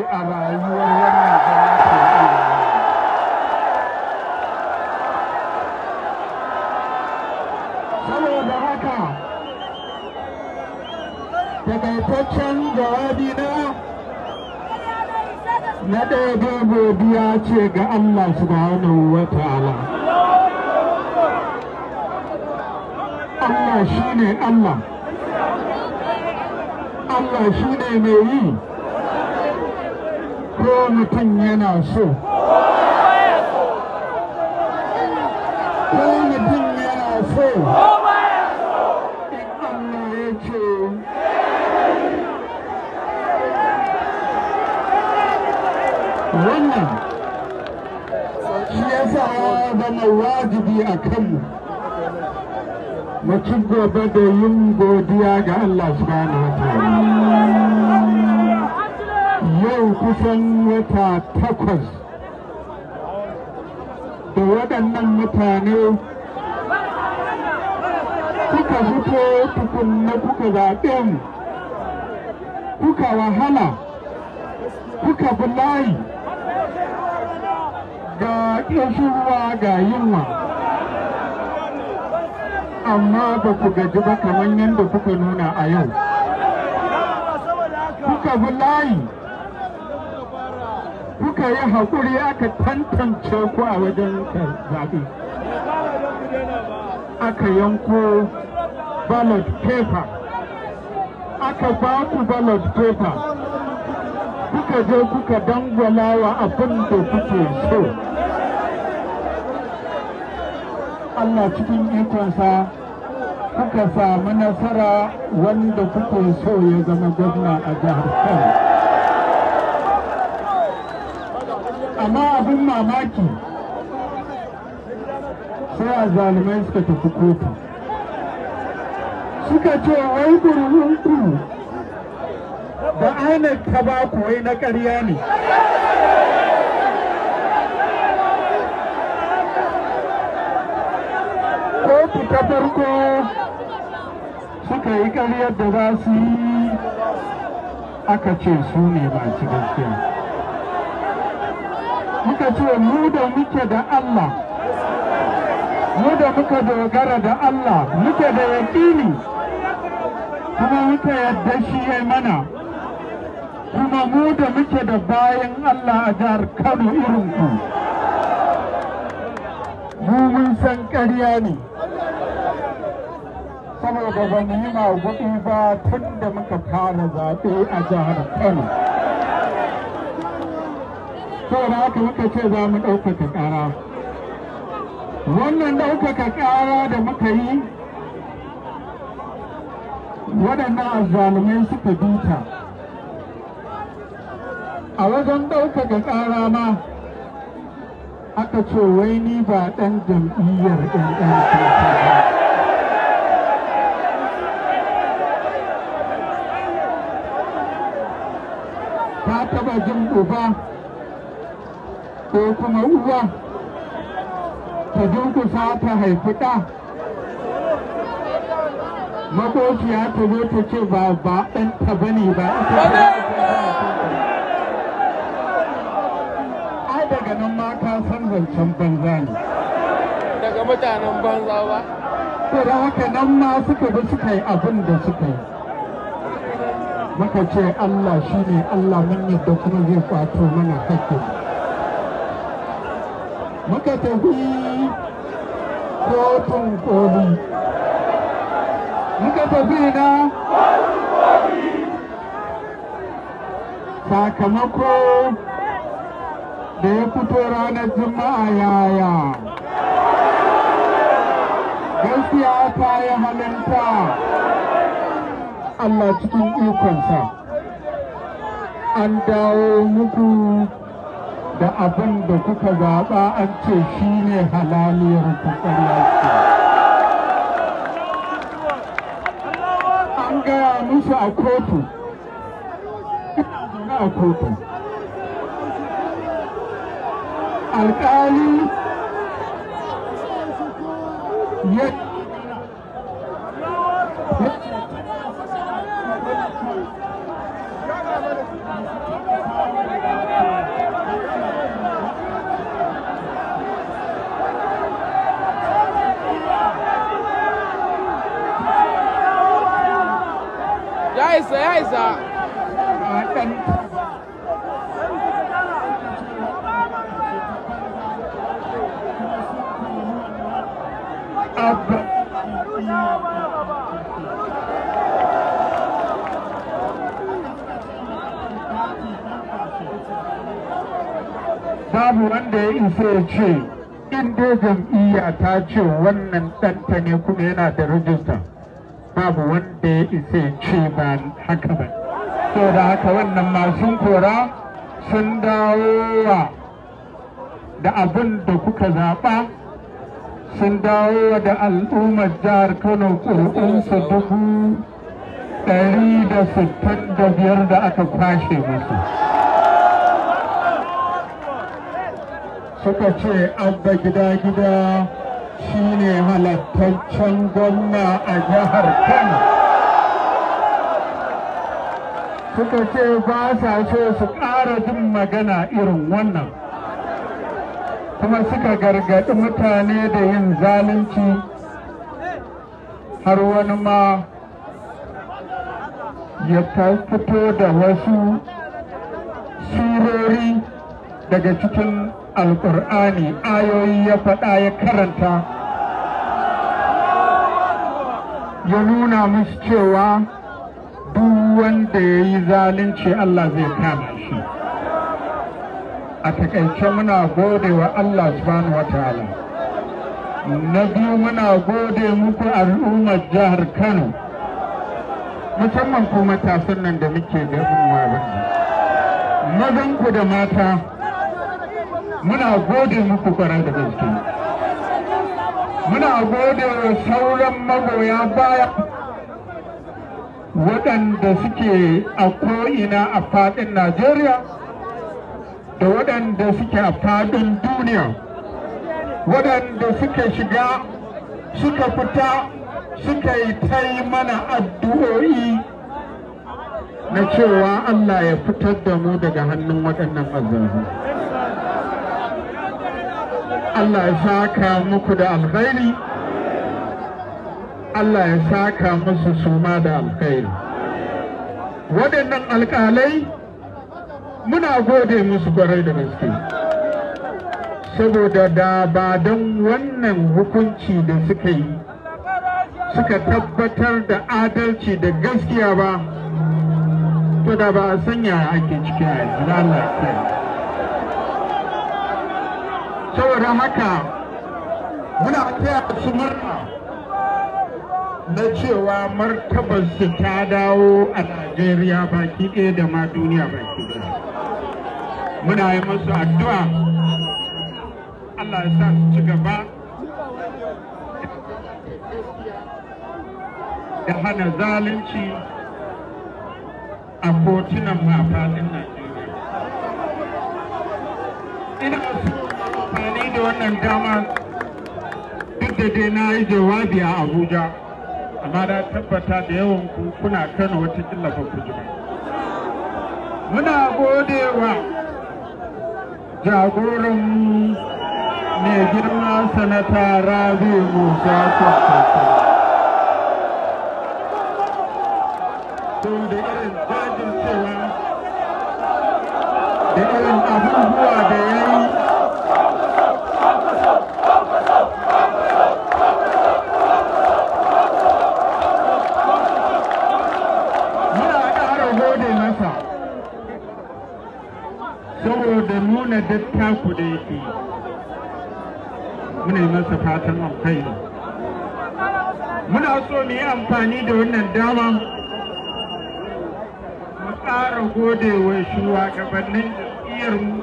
a rayuwar wannan saboda haka takaitaccen jawabi na na ɗaya godiya ce ga Allah subhanahu wa ta'ala Allah shi ne Allah Allah shi ne mai yi ko mutum yana so ko mutum yana so in Allah ya ce wannan shi ya sa zama wajibi a kanmu mu ci gaba da yin godiya ga Allah subhanahu wa ta'ala yau kusan wata takwas da waɗannan mutane kuka fito tukunna kuka zaɓe kuka wahala kuka fi layi ga ƙishirwa ga yunwa amma ba ku gaji ba kamar yadda kuka nuna a yau kuka fi layi kuka yi haƙuri aka tantance ku a wajen zaɓe aka yanko ballot paper aka ba ku ballot paper kuka je kuka dangwala wa abin da kuke so Allah cikin ikonsa kuka samu nasara wanda kuke so ya zama gwamna a jihar Kano. amma abin mamaki sai a zalimai suka tafi kotu suka ce wai ku da ainihin ta ba wai na ƙarya ne kotu ta farko suka yi ƙaryar da za su yi aka ce su ne masu gaskiya muka ce mu da muke da Allah mu da muka dogara da Allah muke da yaƙini kuma muka yadda shi ya mana kuma mu da muke da bayan Allah a jihar Kano irinku mu mun san ƙarya ne saboda ba yi maguɗi ba tun da muka fara zaɓe a jihar Kano. haka muka ce za mu ɗaukaka ƙara wannan ɗaukaka ƙara da muka yi waɗannan azzalumai suka bita a wajen ɗaukaka ƙara ma aka ce wai ni ba ɗan jam'iyyar ɗan ba ta taɓa jin uba ko kuma uwa ta sa ta haifi ɗa makociya ta zo ta ce ba ba ɗanta ba ne ba ai daga nan ma ka san zancen banza ne daga mutanen banza ba to haka nan ma suka bi suka yi abin da suka yi muka ce Allah shi ne Allah mun yadda kuma zai kwato mana haƙƙi. muka tafi kotun koli muka tafi na sakamako da ya fito ranar juma'a yaya gaskiya ta yi halinta Allah cikin ikonsa an dawo muku da abin da kuka zaɓa an ce shi ne halaliyar kukariyarsu an gaya musu a kotu a kotu alƙali ya ya isa babu wanda ya isa ya ce in dogon iya ta ce wannan ɗanta ne kuma yana da rijista babu wanda ya isa ce ba haka ba so da haka wannan masu kora sun dawo wa. da abin da kuka zaɓa sun wa da al'ummar jihar kano ƙuri'unsu dubu ɗari da sittin da biyar da aka kwashe musu suka ce abba gida-gida shine ne halattaccen gwamna a jihar kano suka ce ba sa so su ƙara jin magana irin wannan kuma suka gargaɗi mutane da yin zalunci har wani ma ya fito da wasu surori daga cikin alƙur'ani ayoyi ya faɗa ya karanta ya nuna musu cewa duk wanda ya yi zalunci Allah zai kama shi a takaice muna gode wa Allah subhanahu wa ta'ala na biyu muna gode muku al'ummar jihar Kano musamman ko matasan da muke da mazan ku da mata muna gode muku kwarai da gaske muna gode wa sauran magoya baya waɗanda suke a ko'ina a faɗin najeriya da waɗanda suke a faɗin duniya waɗanda suka shiga suka fita suka yi ta yi mana addu'o'i na cewa allah ya fitar da mu daga hannun waɗannan azzahu Allah ya saka muku da alkhairi Allah ya saka musu suma da alkhairi waɗannan alƙalai muna gode musu kwarai da gaske saboda da ba don wannan hukunci da suka yi suka tabbatar da adalci da gaskiya ba to da ba a sanya ake cikin Allah saboda haka muna taya su murna na cewa martabar su ta dawo a Najeriya baki ɗaya da ma duniya baki ɗaya muna yi masu addu'a Allah ya sa su ci gaba da hana zalunci a kotunan mafaɗin Najeriya. Ina so wannan dama duk da dai na yi jawabi a abuja amma na tabbata da yawan ku kuna kano wata killafa ku jima muna godewa jagoranmu mai girma sanata rabi musa kwakwakwa da irin da irin abubuwa da ya takardar taku da yake muna yi masa fatan alkhairi muna so mu yi amfani da wannan dama mu tsara godewa shugabannin jam'iyyarmu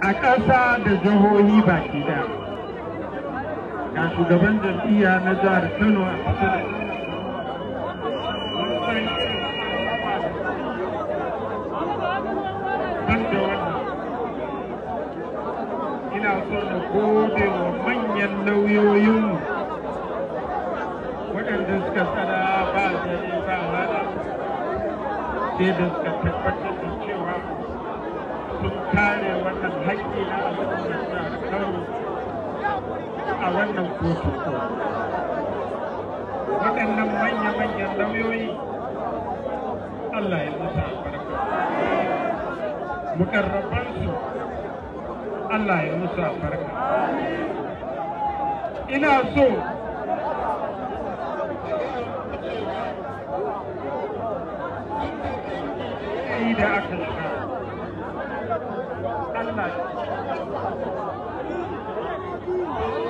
a ƙasa da jihohi baki da ga shugaban jam'iyya na jihar kano a kusa gode wa manyan nauyoyin waɗanda suka tsada ba dare ba rana sai da suka tabbatar da cewa sun kare wannan haƙƙi na al'ummar jihar Kano a wannan kotu waɗannan manya-manyan nauyoyi. Allah ya musa albarka mukarrabansu Allah ya musu albarka ina so yi da aka shiga Allah ya